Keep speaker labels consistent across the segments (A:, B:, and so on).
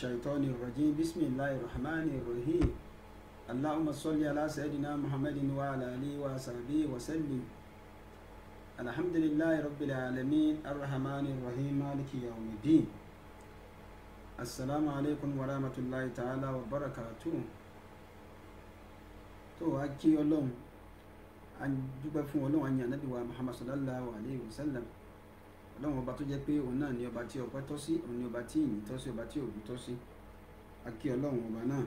A: الشيطان الرجيم بسم الله الرحمن الرحيم اللهم صل على سيدنا محمد وعلى آله وصحبه وسلم الحمد لله رب العالمين الرحمن الرحيم مالك يوم الدين السلام عليكم ورحمة الله تعالى وبركاته تو wàá kí ọlọ́run a dúpẹ́ fún ọlọ́run àyàn nàbí wa muhammad sallallahu ọlọ́run ọba tó jẹ́ pé òun náà ni ọba tí ọpẹ́ tọ́ sí òun ni ọba tí ìyìn tọ́ sí ọba tí òun tọ́ sí akí ọlọ́run ọba náà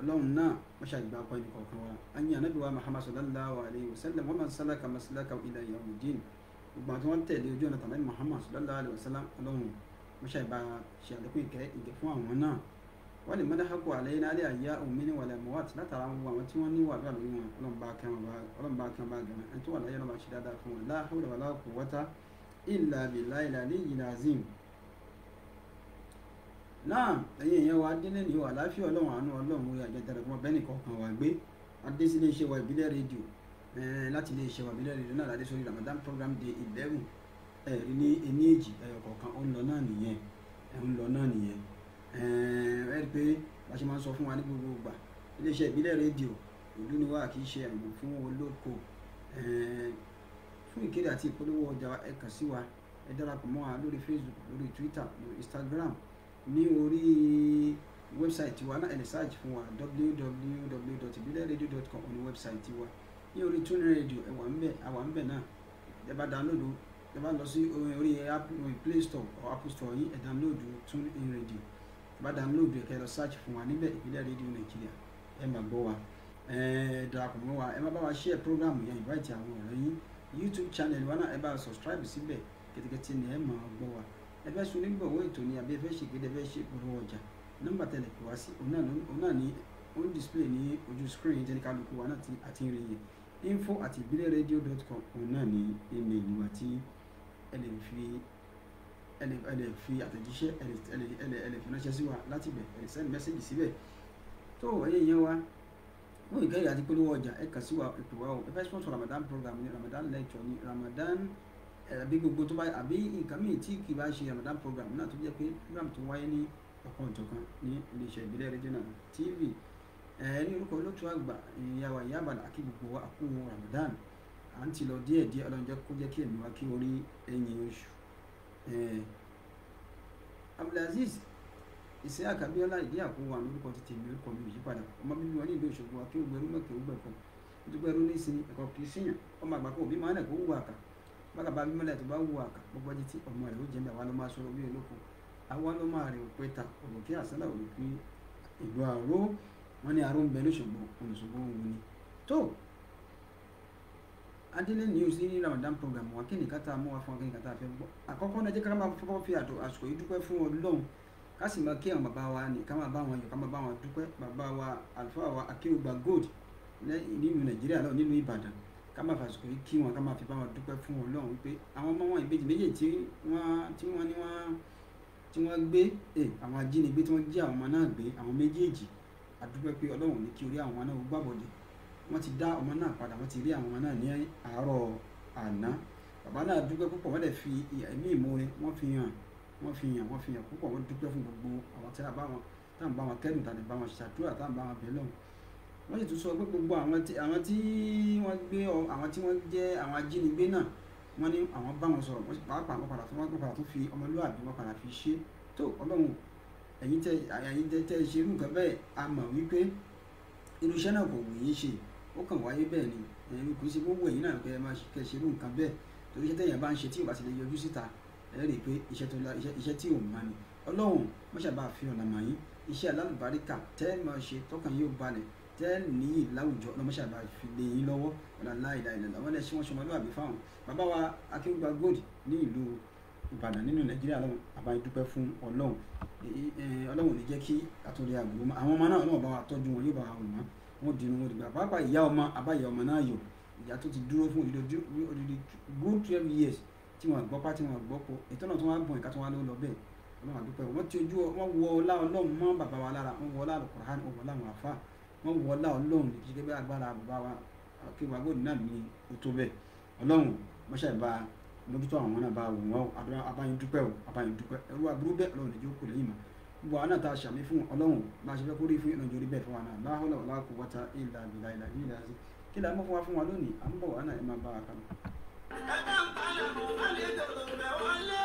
A: ọlọ́run náà wọ́n ṣàgbà ọpẹ́ ní kọ̀ọ̀kan wa anyi anabiwa muhammad sallallahu alayhi wa sallam wa man salaka masalaka ila yawmidin gbogbo àti wọn tẹ̀lé ojú ọ̀nà tàbí muhammad sallallahu alayhi wa sallam ọlọ́run wọ́n ṣàgbà ṣe àdókùn ìkẹ́ ìkẹ́ fún àwọn náà wọ́n lè mọ́dá hapò àlẹ́ iná alẹ́ àyà omi ní wàlẹ̀ mọ́wàt látara àwọn àwọn tí wọ́n ní wà lórí wọn ọlọ́run bá kẹ́ wọn bá ìlà bìlà ìlà ní ìyìn azim náà ẹ̀yin ìyẹn wa délé ní wà láfíà ọlọ́run àánú ọlọ́run orí àjọ tẹlifọ̀n bẹ́ẹ̀ni kọ̀ọ̀kan wà gbé adé sí iléeṣẹ́ wa ìbílẹ̀ rédíò láti iléeṣẹ́ wa ìbílẹ̀ rédíò náà láti sórí Ramadan program day eleven ẹ̀rí ní ẹni èjì ẹ̀yọ kọ̀ọ̀kan ó ń lọ náà nìyẹn ẹ̀ ń lọ náà nìyẹn ẹ̀ rí pé bá ṣe máa ń sọ fún wa ní gbogbo ìgbà iléeṣẹ́ ìbílẹ̀ rédíò ìlú ni wà kì í ṣe àyè fún olóko fún ìkéde àti ìpolówó ọjà ẹ kàn sí wa ẹ darapọ̀ mọ́ wa lórí facebook lórí twitter lórí instagram ní orí wẹ́bsáìtì wa náà ẹ lè search fún wa www.ibileradio.com ní wẹ́bsáìtì wa ní orí tune radio ẹ wà ń bẹ̀ àwa ń bẹ̀ náà ẹ bá download ẹ bá lọ sí orí play store or apple store yín ẹ download tune radio ẹ bá download ẹ kẹ́ lọ search fún wa níbẹ̀ ìbílẹ̀ radio nàìjíríà ẹ máa gbọ́ wa ẹ darapọ̀ mọ́ wa ẹ má bá wa share program yẹn invite àwọn ọ̀rẹ́ yín youtube channel wa náà ẹ bá subscribe síbẹ̀ kẹ́tẹ́kẹ́tẹ́ ni ẹ máa gbọ́ wa ẹ fẹ́ sun onígbọ̀wọ́ ètò ni àbí ẹ fẹ́ ṣègbè ẹ fẹ́ ṣe ìpolówó ọjà nọ́mbà tẹlẹ kò wá sí òun náà ní ó ń display ní ojú screen tẹ́lẹ̀ kálukú wa náà àti ń rí yẹn info at ibileradio.com òun náà ní email wa tí ẹ lè fi ẹ lè fi àtẹ̀jíṣẹ́ ẹ lè fi ránṣẹ́ sí wa láti bẹ̀ ẹ lè send message síbẹ̀ tó ẹ̀yẹ̀ yẹn wa wọ́n ìgbẹ́ ìyá ti polówó ọjà ẹ kà sí wa ètò wa o ẹ sponsor Ramadan program ni Ramadan lecture ni Ramadan àbí gbogbo tó bá àbí nǹkan míì tí kì í bá ṣe Ramadan program náà tó jẹ́ pé program tó wáyé ní ọ̀kan ìjọ̀kan ní iléeṣẹ́ ìbílẹ̀ Regional TV ní orúkọ olóòtú àgbà ìyàwó ìyábàdà kí gbogbo wa Ramadan à ń ti lọ díẹ̀ díẹ̀ ọlọ́njẹ́ kó jẹ́ kí ẹ̀mí wa kí orí ẹ̀yìn oṣù Abdulaziz ìsẹ́ àkàbíọ́lá ìdí àkówà lórúkọ ti tèmi orúkọ mi yìí padà ọmọ mímí wọn ní ìlú Òṣogbo akí ògbẹrú mẹ́kẹ́ ògbẹ̀kọ́ ìdúgbẹ́rú ní ìsìn ẹ̀kọ́ kì í síyàn ọmọ àgbà kò bí máa nẹ̀ kó wù àkà bákà bá bímọ́lẹ̀ tó bá wù àkà gbogbo ẹni tí ọmọ rẹ̀ ó jẹ́ mẹ́wàá ló máa sọ̀rọ̀ bí olóko àwa ló máa rìn òpè ta òròkè àsálà òròkè ìlú àró ní ni tó adílé ní oṣù ní Ramadan program wa kí nìkan tá a mú wa fún wa kí nìkan tá fẹ́ gbọ́ àkọ́kọ́ náà jẹ́ ká máa fọwọ́ fi àsìkò yìí dúpẹ́ fún Ọlọ́run kasi sì máa kí àwọn bàbá wa ní ká máa bá wọn yọ ká máa bá wọn dúpẹ́ bàbá wa àlùfáà wa akérògbà gold nílùú nàìjíríà lọ nílùú ìbàdàn ká máa fàṣùkò yìí kí wọn ká máa fi bá wọn dúpẹ́ fún ọlọ́run wípé àwọn ọmọ wọn ìbejì méjì tí wọ́n tí wọ́n ní wọ́n tí wọ́n gbé àwọn ajínigbé tí wọ́n jí àwọn ọmọ náà gbé àwọn méjèèjì àdúpẹ́ pé ọlọ́run ní kí orí àwọn náà gbàbọ̀dé wọ́n ti dá ọmọ náà padà wọ́n ti rí àwọn náà ní àárọ̀ àná bàbá náà dúpẹ́ púpọ̀ wọ́n dẹ̀ fi ẹ̀mí ìmoore wọ́n fi hàn wọ́n fi yàn wọ́n fi yàn púpọ̀ wọ́n dúpẹ́ fún gbogbo àwọn tí a bá wọn tá à bá wọn kẹ́dùn tá bá wọn ṣàdúrà tá wọn sì tún sọ pé gbogbo àwọn tí àwọn tí wọ́n àwọn tí wọ́n jẹ́ àwọn ajínigbé náà wọ́n ní àwọn bá wọn sọ̀rọ̀ wọ́n sì pàápàá wọ́n padà tún wọ́n padà tún fi ọmọlúwàbí wọ́n padà fi ṣe tó ọlọ́run ẹ̀yin tẹ ẹ̀yin tẹ tẹ ṣe irú nǹkan bẹ́ẹ̀ a mọ̀ wípé irú iṣẹ́ náà kò wù yín ṣe ó kàn wáyé bẹ́ẹ̀ ni ẹ̀yin kò sí gbogbo ẹ̀yin náà kẹ́ ẹ máa kẹ́ ṣe irú nǹkan bẹ́ẹ̀ torí iṣẹ́ tẹ̀yìn bá ń ṣe tí ò lè yọjú síta ẹ rí i pé iṣẹ́ tó la iṣẹ́ tí òun máa ní ọlọ́run mọ́ṣábà fi ọ̀nà mà yín iṣẹ́ alálùbáríkà tẹ́ ẹ máa ṣe tọkàn yóò balẹ̀ tẹ́ ẹ níyì láwùjọ ọlọ́mọṣábà fi lé yín lọ́wọ́ ọ̀là láìláì lọ́la wọ́n lẹ́ ṣe wọ́n ṣọmọ lóàbí fáwọn bàbá wa akéwùgbà gold ní ìlú ìbàdàn nínú nàìjíríà lọ́wọ́ àbá ìdúpẹ́ fún ọlọ́run ọlọ́run ní jẹ́ kí àtúndì àgbò àwọn ọmọ náà ọlọ́run bá wa tọ́jú wọn yóò bá wa wò wọ́n wọn dìrò wọn dìgbà pàápàá ìyá ọmọ àbá ìyá ọmọ náà yọ ìyá tó ti dúró fún odidi good twelve years tí wọ́n gbọ́ pa tí wọ́n gbọ́ pọ̀ ètò náà tó wá bọ̀ ìka tó wá ló lọ bẹ́ẹ̀ ọlọ́run àdúpẹ́ wọ́n ti ojú wọ́n wọ ọlá ọlọ́run mọ́ bàbá wa lára wọ́n wọ ọlá Al-Qur'an wọ́n wọ ọlá àwọn àfa wọ́n wọ ọlá ọlọ́run gẹ́gẹ́ bí agbára bàbá wa akéwà gbòdì náà ní o tó bẹ́ẹ̀ ọlọ́run mọ́ṣẹ́ ìbá mójútó àwọn náà bá wù wọ́n abáyín dúpẹ́ o abáyín dúpẹ́ ẹrú àbúrú bẹ́ẹ̀ ọlọ́run ìjọ kò lẹ́yìn mọ́ gbogbo àwọn náà ta ṣàmì fún ọlọ́run bá a ṣe ẹ bá ń palẹ̀ mọ́ wálé dòdò mẹ́wọ́lé.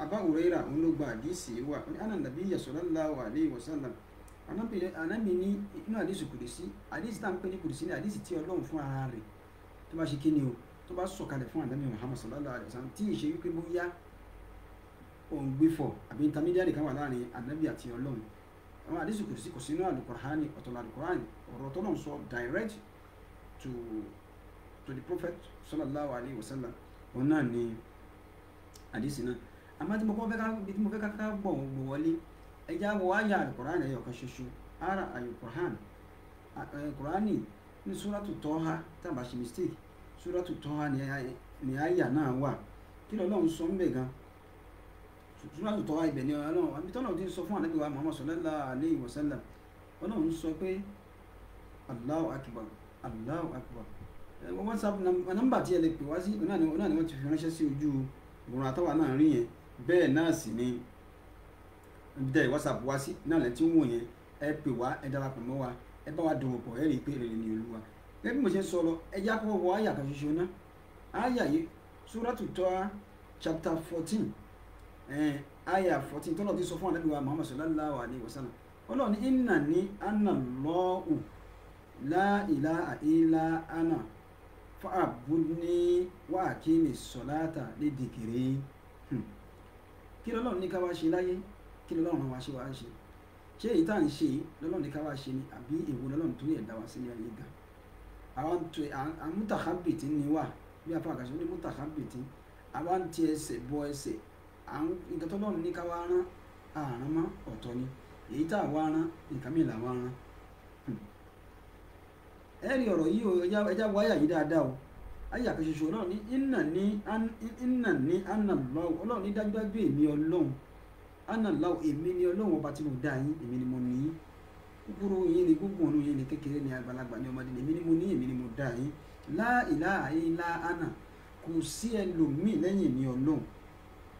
A: Abu Hurairah òun ló gba àdìsí wa ó ní àná nàbí sallallahu alayhi wa sallam ànábì ní inú àdìsí kùdìsí àdìsí tá à ń pè ní kùdìsí ní àdìsí tí Ọlọ́run fún ara rẹ̀ tó bá ṣe kí ni o tó bá sọ̀kalẹ̀ fún ànábì Muhammad sallallahu alayhi wa sallam tí ìṣe wípé bóyá òun gbé fọ̀ àbí intermediary kan wà láàrin ànábì àti Ọlọ́run àwọn àdìsí kùdìsí kò sínú alukur'ani ọ̀tọ̀ alukur'ani ọ̀rọ̀ tó náà sọ direct to to the prophet sallallahu alayhi wa sallam òun náà ni àdìsí náà àmọ́ tí mo kọ́ bí mo fẹ́ káká gbọ̀n gbò wọlé ẹja wo àyà alukur'an ẹ̀yọ̀ kan ṣoṣo ara alukur'an alukur'ani ní súrátù tọ́ha tàbá ṣe mistake súrátù tọ́ha ni àyà náà wà kí lọ́lọ́run sọ ń bẹ̀ gan súrátù tọ́ha ibẹ̀ ni ọlọ́run àbí tọ́lọ́run ti ń sọ fún ànábì wa Muhammad sallallahu alayhi wa sallam ọlọ́run sọ pé Allahu akbar Allahu akbar whatsapp nọ́mbà tí ẹ lè pè wá sí ọ̀nà ni wọ́n ti fi ránṣẹ́ sí ojú ìgbọ̀nrún àtàwà náà rí yẹn bẹ́ẹ̀ náà sì ni nde whatsapp wá sí náà lẹ́tí wò yẹn ẹ pè wá ẹ darapọ̀ mọ́ wa ẹ bá wa dòwò pọ̀ ẹ rí i pé èrè ni olúwa gẹ́gẹ́ bí mo ṣe ń sọ lọ ẹ já kọ́kọ́ wọ suratu Taha chapter fourteen àyà fourteen tọ́lọ̀ ti sọ fún inna ni anna la ana fa'budni wa kí lọ́lọ́run ní ká wá ṣe láyé kí lọ́lọ́run wá ṣe wá ṣe ṣé èyí tá à ń ṣe lọ́lọ́run ní ká wá ṣe ni àbí èwo lọ́lọ́run tó yẹ̀ dá wá sílé ayé gan àwọn tó àmútàkábìtì ni wà bí apá àkàṣe ní mútàkábìtì àwa ń ti ẹsẹ̀ bọ ẹsẹ̀ nǹkan tó lọ́run ní ká wá rán àrán mọ́ ọ̀tọ̀ ni èyí tá à wá rán nǹkan mìíràn wá rán hm. ẹ̀rí ọ̀rọ̀ yìí ẹja ayé àkàṣeṣe ọlọ́run ní iná ní iná ní anallahu ọlọ́run ní dájúdájú èmi ọlọ́run anallahu èmi ni ọlọ́run ọba tí mo dá yín èmi ni mo ní yín kúkúrú yín ni gbogbo ọ̀nù yín ni kékeré ni àgbàlagbà ni ọmọdé ni èmi ni mo ní èmi ni mo dá yín la ilaha illa ana kò sí ẹlòmíì lẹ́yìn mi ọlọ́run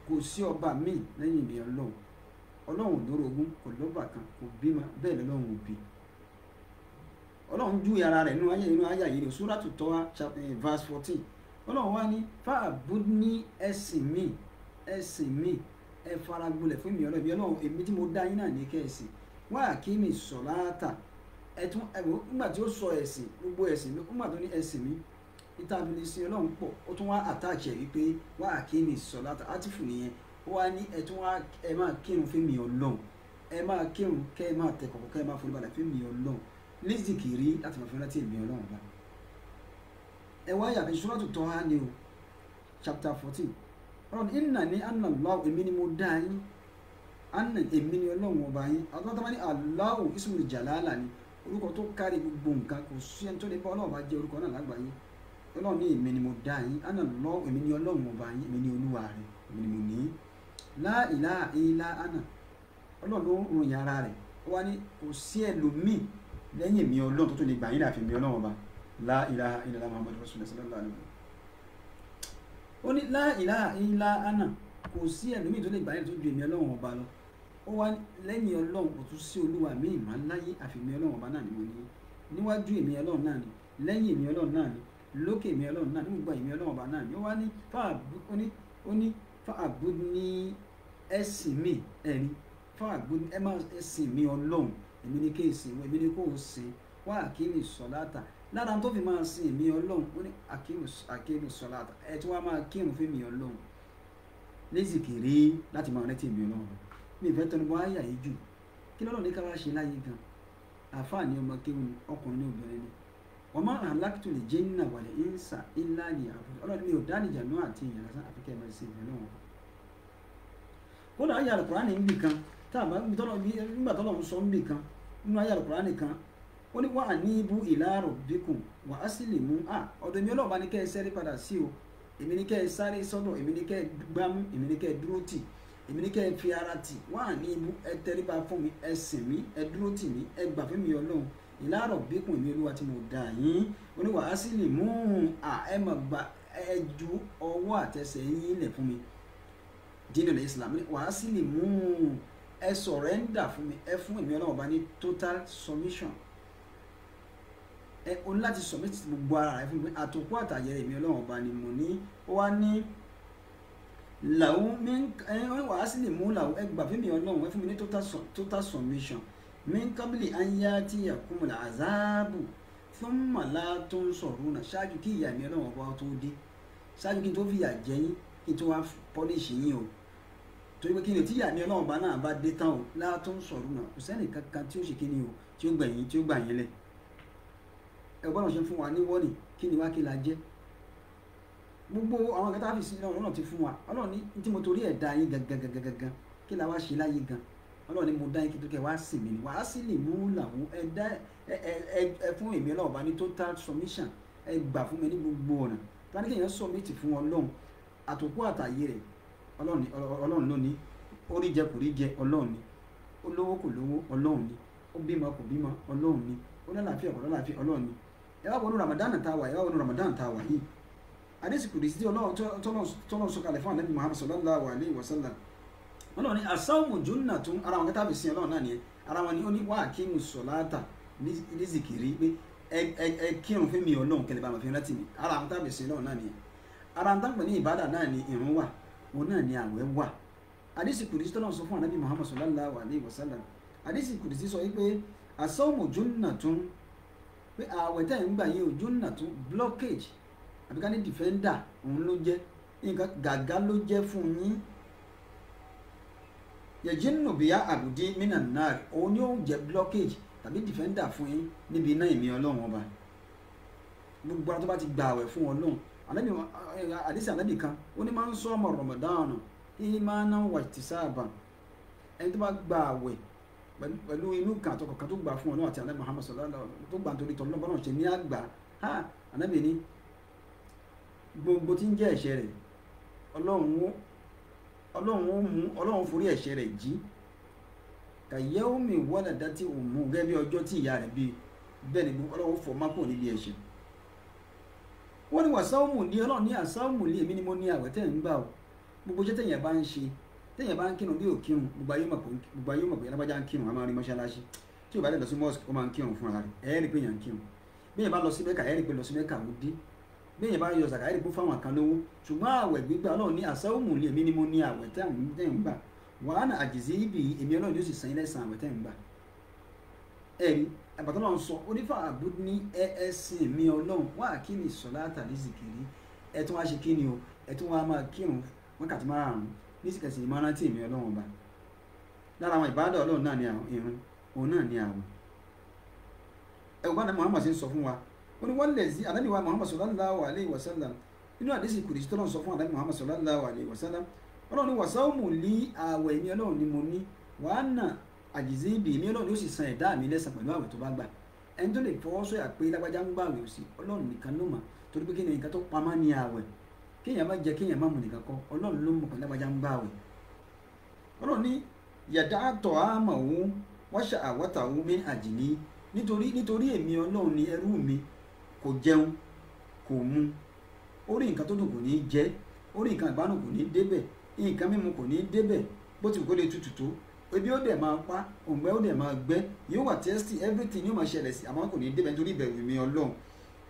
A: kò sí ọba míì lẹ́yìn mi ọlọ́run ọlọ́run ò lórogún kò lọ́bàkan kò bímọ bẹ́ẹ̀ lọ́lọ́run ò bíi ọlọ́run júwe ara rẹ̀ nínú ayé nínú ayé yìí ní suratu tọ́wá verse fourteen ọlọ́run wá ní fáàbù ní ẹ̀sìn mi ẹ̀sìn mi ẹ faragbolẹ̀ fún mi ọlọ́run ọlọ́run èmi tí mo dá yín náà ní kẹ́ẹ̀sìn wá kí mi sọ láàtà ẹ̀tún nígbà tí ó sọ ẹ̀sìn gbogbo ẹ̀sìn mi nígbà tó ní ẹ̀sìn mi níta ọlọ́run pọ̀ ó tún wá àtàkì ẹ̀ wípé wá ti fún nìyẹn ó wá ní wá ẹ máa kírun fún lísìkìrí láti máa fi rántí èmi ọlọ́run bá ẹ wá yàtọ̀ Suratu Taha ni o chapter fourteen ọlọ́run ìnà ní àná lọ́wọ́ èmi ni mo dá yín àná èmi ni ọlọ́run ọba yín àtọ́tọ́ bá ní Allahu ismul jalala ni orúkọ tó kárí gbogbo nǹkan kò sí ẹni tó lè bá ọlọ́run bá jẹ́ orúkọ náà lágbàáyé ọlọ́run èmi ni mo dá yín àná èmi ni ọlọ́run ọba yín èmi ni olúwa rẹ̀ èmi ni mo ní láìláà ìlà ọlọ́run ló ń ròyìn ara rẹ̀ ó wá ní kò sí ẹlòmíì lẹ́yìn mi ọlọ́run tó tún lè gbà yín láàfin mi ọlọ́run ọba la ilaha illa muhammadu rasulullah sallallahu alaihi wa sallam ó ní la ilaha illa ana kò sí ẹlòmíì tó lè gbà yín tó ju èmi ọlọ́run ọba lọ ó wá lẹ́yìn ọlọ́run kò tún sí olúwa mi ìmọ̀ láyé àfihàn ọlọ́run ọba náà ni mo ní níwájú èmi ọlọ́run náà ni lẹ́yìn èmi ọlọ́run náà ni lókè èmi ọlọ́run náà ni gbogbo èmi ọlọ́run ọba náà ni ó wá ní fáàbù ẹ̀sìn mi ẹ̀rí fáàbù ẹ̀sìn mi ọlọ́run èmi ni wọ èmi àkíní sọ̀láta lára tó fi máa sin èmi ọlọ́run ó ní àkíní sọ̀láta ẹ tí wàá máa kírun fún èmi ọlọ́run lézìkèrè láti máa rántí èmi ọlọ́run mi ìfẹ́ tọ́nu bọ́ àyà yìí jù kí lọ́lọ́run ní ká wá ṣe láyé gan àfáàní ọmọ kéwù ọkùnrin ní obìnrin ni wọ́n máa hàn lákìtò lè jẹ́ ìnsà ọlọ́run mi ò táàmù nígbà tó mi sọ ń bì kan nínú ayé àlùkùrá nìkan ó ní wà á ní ibú ìlàrọ̀ bíkùn wà á sì lè mú à ọ̀dọ̀ èmi ọlọ́ọ̀bá ní kẹ́ ẹ sẹ́rí padà sí o èmi ní kẹ́ ẹ sáré sọ́dọ̀ èmi ní kẹ́ ẹ gbámú èmi ní kẹ́ ẹ dúró tì èmi ní kẹ́ ẹ fi ara tì wà á ní ibú ẹ tẹríba fún mi ẹ sìn mí ẹ dúró tì mí ẹ gbà fún mi ọlọ́run ìlàrọ̀ bíkùn èmi olúwa tí mo dà yín ó ní wà á sì lè mú à ẹ mọ̀ gbà ẹ ju ọwọ́ àtẹsẹ̀ yín lẹ̀ fún mi dínà ẹ sọ̀rẹ́ńdà fún mi ẹ fún èmi ọlọ́run ọba ní total submission ẹ o ní láti submit gbogbo ara rẹ fún mi àtòkù àtàyẹ èmi ọlọ́run ọba ni mo ní ó wá ní làwọn mi ẹ wàá sì lè mú làwọn ẹ gbà fún mi ọlọ́run ẹ fún mi ní total submission mi kábìlì anya tí yakumula azabu fún màlá tó ń sọ̀rọ̀ náà ṣáájú kí ìyá mi ọlọ́run ọba tó dé ṣáájú kí n tó fìyà jẹ yín kí n tó wá pọ́líṣì yín o torí pé kí ni o tíyà ní ọlọ́run bá náà bá dé tán o lára tó ń sọ̀rọ̀ náà kò sẹ́ni kankan tí ó ṣe kí o tí ó gbẹ̀yìn tí ó gbà yín lẹ̀ ẹ gbọ́dọ̀ ṣe fún wa ní wọ́ọ̀nì kí ni wá kí la jẹ́ gbogbo àwọn kẹta fi sílẹ̀ ọ̀run náà ti fún wa ọlọ́run ní tí mo torí ẹ̀ dá yín gangan kí la wá ṣe láyé gan ọlọ́run ní mo dá yín kí tó kẹ́ wá sì mí wá sí lè mú làwọn ẹ dá ẹ fún èmi ọlọ́run bá ní total submission ẹ gbà fún mi ní gbogbo ọ̀nà tani kéèyàn submit fún ọlọ́run àtòkú àtàyè rẹ̀ ọlọ́run ló ní ó rí jẹ kò rí jẹ ọlọ́run ni ó lówó kò lówó ọlọ́run ni ó bímọ kò bímọ ọlọ́run ni ó kò lálàáfíà ọlọ́run ni ẹ wá wọnú Ramadan tá a wà ẹ wá wọnú Ramadan tá a wà yìí àdésìkò rèé sí ọlọ́run tọ́lọ́run sọ̀kalẹ̀ fún Ànábì Muhammad sallallahu alayhi wa sallam ọlọ́run ni asawmu junnatun ara wọn kẹta fi sin ọlọ́run náà nìyẹn ara wọn ni ó ní wá akímu sọ̀láàtà ní zikiri pé ẹ kírun fún mi ọlọ́run ara wọn tábìsìn ọlọ́run náà ara wọn tábìsìn ní ìbádà náà ni ìrun òun náà ni àwẹ̀ wà àdìsí kùdìsí tọ́lọ́ sọ fún anábì muhammad sallallahu alayhi wa sallam àdìsí kùdìsí sọ wípé àsọ́ọ̀mù junnatun pé àwẹ̀ tẹ̀ ń gbà yẹn ò junnatun blockage àbíká ní defender òun ló jẹ́ nǹkan gàgá ló jẹ́ fún yín yẹjínú bíyá àbùdí mínàn náà òun ni ó blockage tàbí defender fún yín níbi iná ìmí ọlọ́run ọba gbogbo ara tó bá ti gbà àwẹ̀ fún ọlọ́run anabi adisi anabi kan ó ní máa ń sọ ọmọ rọmọdánù ìmáná wà tí sáàbà ẹni tó bá gba àwẹ̀ pẹ̀lú inú kan àtọkọ̀ kan tó gbà fún ọlọ́run àti anabi muhammad sallallahu tó gbà nítorí tọ́lọ́ bọ́lá ni, ní àgbà ha anabi ni gbogbo tí ń jẹ́ ẹ̀ṣẹ̀ rẹ̀ ọlọ́run ó ọlọ́run ó mú ọlọ́run forí ẹ̀ṣẹ̀ rẹ̀ jí kàyẹ́wòmí wọ́dàdá tí òun mú gẹ́gẹ́ bí ọjọ́ tí ìyá rẹ̀ bí bẹ́ẹ̀ ni ọlọ́run fọ́ mápò níbi ẹ̀ṣẹ̀ wọ́n ní wàsáwùmù ní ọlọ́run ní àsáwùmù lé èmi ni mo ní àwẹ̀ tẹ̀ ń gbà o gbogbo iṣẹ́ tẹ̀yìn bá ń ṣe tẹ̀yìn bá ń kírun bí ò kírun gbogbo ayé mọ̀ pé alábàjá ń kírun a máa rí mọ́ṣáláṣí tí ò bá dẹ̀ lọ sí mosque ó máa ń kírun fúnra rẹ̀ ẹ̀ẹ́rì pé yàn ń kírun bí yẹn bá lọ sí mẹ́kà ẹ̀ẹ́rì pé lọ sí mẹ́kà ó dé bí yẹn bá yọ zàkà ẹ̀ẹ́rì pé fáwọn kan lówó ṣùgbọ́n àwẹ̀ gbígbà ni mo ní àwẹ̀ tẹ̀ ń gbà wàhánà àjèjì ibì àbàtàn náà sọ onífà àbúdí ní ẹ ẹ sìn mí ọlọ́run wá kí ni sọlá tàbí zikiri ẹ tún wá ṣe kí ni o ẹ tún wá máa kírun wákàtí márùn ní ìmọ̀rántì mi ọlọ́run ọba lára àwọn ìbáradà ọlọ́run náà ni irun òun náà ni àwọ̀ ẹ̀wọ̀n bá Muhammad ṣe ń sọ fún wa ó ní wọ́n lè sí adániwa Muhammad sallallahu alayhi wa sallam nínú àdéhìsì kùdìsí tó Muhammad sallallahu alayhi wa sallam ọlọ́run ni wàsáwùmù lí ni mo ní wàá náà àjèjì ibi èmi ọlọ́run yóò sì san ẹ̀dá mi lẹ́sàn pẹ̀lú àwẹ̀ tó bá gbà ẹni tó lè fọwọ́ sọ̀yà pé lágbájá ń gbà àwẹ̀ òsì ọlọ́run nìkan ló mọ̀ torí pé kí ni nǹkan tó pamọ́ ní àwẹ̀ kéèyàn má jẹ kéèyàn má mu nìkan kọ́ ọlọ́run ló mọ̀ pé lágbájá ń gbà àwẹ̀ ọlọ́run ní yàdá àtọ̀ àmọ̀ òun wọ́n ṣe àwọ̀tà òun mi àjìní nítorí nítorí èmi ọlọ́run ni ẹrú mi kò jẹun kò mu orí nǹkan tó dùn kò ní jẹ orí nǹkan ìgbádùn kò ní débẹ̀ ebi ó dẹ̀ máa pa òǹgbẹ́ ó dẹ̀ máa gbẹ yóò wà tẹ́sítì everything yóò máa ṣẹlẹ̀ sí àmọ́ kò ní débẹ̀ nítorí ìbẹ̀rù mi ọlọ́run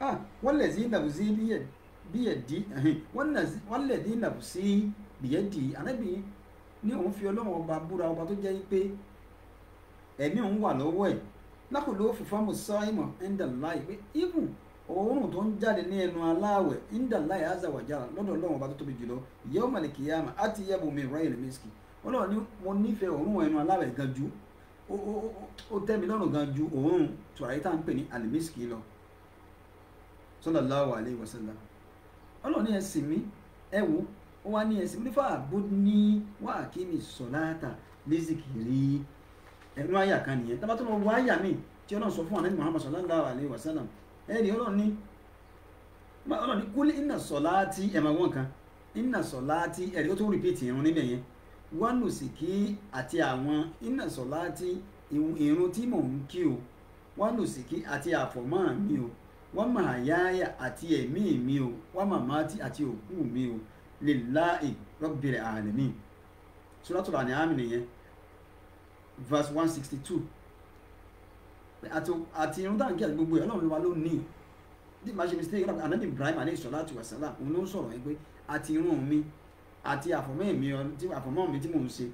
A: ah wọ́n lẹ̀ sí nàbùsí bíyẹ̀dì wọ́n lẹ̀ sí nàbùsí bíyẹ̀dì ànábì ní òun fi ọlọ́run ọba búra ọba tó jẹ́ pé ẹ̀mí òun wà lọ́wọ́ ẹ̀ lákòló fìfámù sáìmọ̀ ẹ̀ńdàláì pé even òórùn tó ń jáde ní ẹnu aláàwẹ̀ ẹ̀ńdàláì azàwàjà lọ́dọ̀ ọlọ́run ọba tó tóbi jùlọ yẹ́wò màlìkìyàmà àti yẹ́bùmí ryan miski ọlọ́run ni mo nífẹ̀ẹ́ òórùn ẹnu aláwẹ̀ gan ju ó tẹ́ mi lọ́rùn gan ju òórùn tùràrí tá à ń pè ní alimiski lọ sallallahu alaihi wasallam ọlọ́run ní ẹ̀sìn mi ẹ wò ó wá ní ẹ̀sìn mi nífà bó ní wà kí ni sọ̀láàtà lézìkìrì ẹnu àyà kan nìyẹn tábà tó lọ wọ àyà mi tí ọlọ́run sọ fún ànábì Muhammad sallallahu alaihi wasallam ẹ̀rí ọlọ́run ní ọlọ́run ní kúlẹ̀ ìnà sọ̀láàtì ẹ̀mọ̀ wọn kan ìnà sọ̀láàtì ẹ̀rí ó tún rìpíìtì ẹ̀rùn níbẹ̀ wánùsìkí àti àwọn ìnàsọ̀láti irun tí mò ń kí o wánùsìkí àti àfọ̀mọ́ mi o wọ́n máa yáyà àti ẹ̀mí mi o wọ́n màmá àti òkú mi o lillahi rabbil alamin suratul an'am nìyẹn verse one sixty two àti àti irun dáhùn kí àti gbogbo ọlọ́run wa ló ní bí màá ṣe mistake anabi ibrahim aleyhi salatu wa salam òun ló ń sọ̀rọ̀ yẹn pé àti irun mi àti àfọ̀mọ́ mi tí àfọ̀mọ́ mi tí mò ń ṣe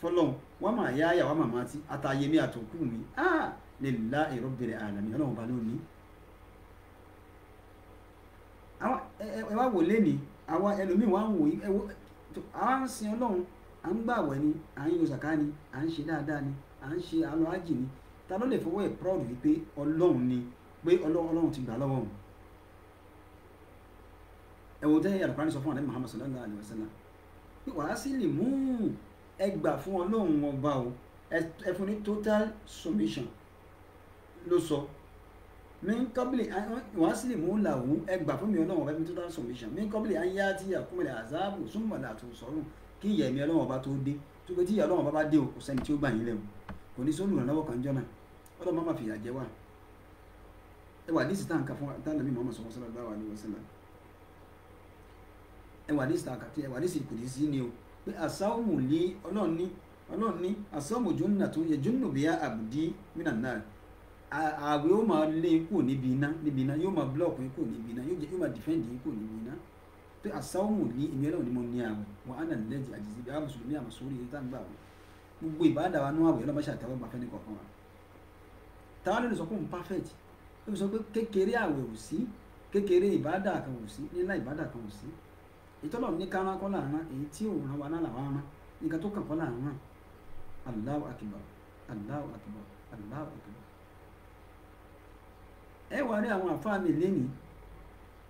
A: fọlọ́hún wọ́n máa yá àyà wọ́n máa àtàyè mi àtòkù mi áà lè la èrò bèrè ààlà mi ọlọ́run ba lónìí. àwọn ẹ wá wò lẹ́ni àwọn ẹlòmíì wọ́n á wò yí àwọn ń sin ọlọ́run à ń gbàwẹ̀ ni à ń yọ sàká ni à ń ṣe dáadáa ni à ń ṣe alọ́ ájì ni ta ló lè fọwọ́ ẹ̀ proud wípé ọlọ́run ni pé ọlọ́run ti gbà lọ́wọ́ òun. ẹ̀wọ̀n tẹ́ ẹ̀yà lùkárẹ́ sọ fún àdé Muhammad sallallahu alayhi wa sallam wàá sí lèmú ẹ gbà fún ọlọ́run ọba o ẹ fún ní total submission ló sọ mi n kọ́bìlì wàá sì lè mú làwù ẹ gbà fún mi ọlọ́run ọba mi total submission mi n kọ́bìlì ayá tí àkúmọ̀lẹ̀ àzáàbù súnmọ̀lẹ̀ àtòsọ́rùn kí ìyá ẹ̀mí ọlọ́run ọba tó dé tó pé tí ìyá ọlọ́run ọba bá dé o kò sẹ́ni tí ó gbà yín lẹ́wọ̀ kò ní sólù ìrànlọ́wọ́ kan jọ́nà ọlọ́run má má fìyà jẹ wá ẹ wà dísì tá à ń ka fún tá à ń lọ bí mọ́mọ́ ẹwà ní ìsìtàkà àti ẹwà ní ìsìnkùdì sí ni o pé àsáwù lé ọlọ́run ní ọlọ́run ní àsọ́mọ̀jọ́ nínà tó yẹ jónú bí yá àbùdí mínà náà ààwẹ̀ ó máa lé kù níbi iná níbi iná yóò máa búlọ̀kù kù níbi iná yóò máa dìfẹ́ǹdì kù níbi iná pé àsáwù lé ìmí ọlọ́run ní mo ní àwẹ̀ wọn á nà lẹ́jì àjèjì bí àwọn mùsùlùmí àmọ̀ sórí yìí tá ń gbà wọ gbogbo ìbáàdà wa nú àwẹ̀ ọlọ́mọ ṣàtẹ́wọ́ ìbáàdà kan ò sí nílá ìbáàdà kan ò sí ìtọ́lọ̀ ní kára kọ́ làárán èyí tí ò ràn wá lálàá rán nǹkan tó kàn kọ́ làárán Allahu akbar Allahu akbar Allahu akbar. ẹ wà rí àwọn àfáà mi lẹ́nìí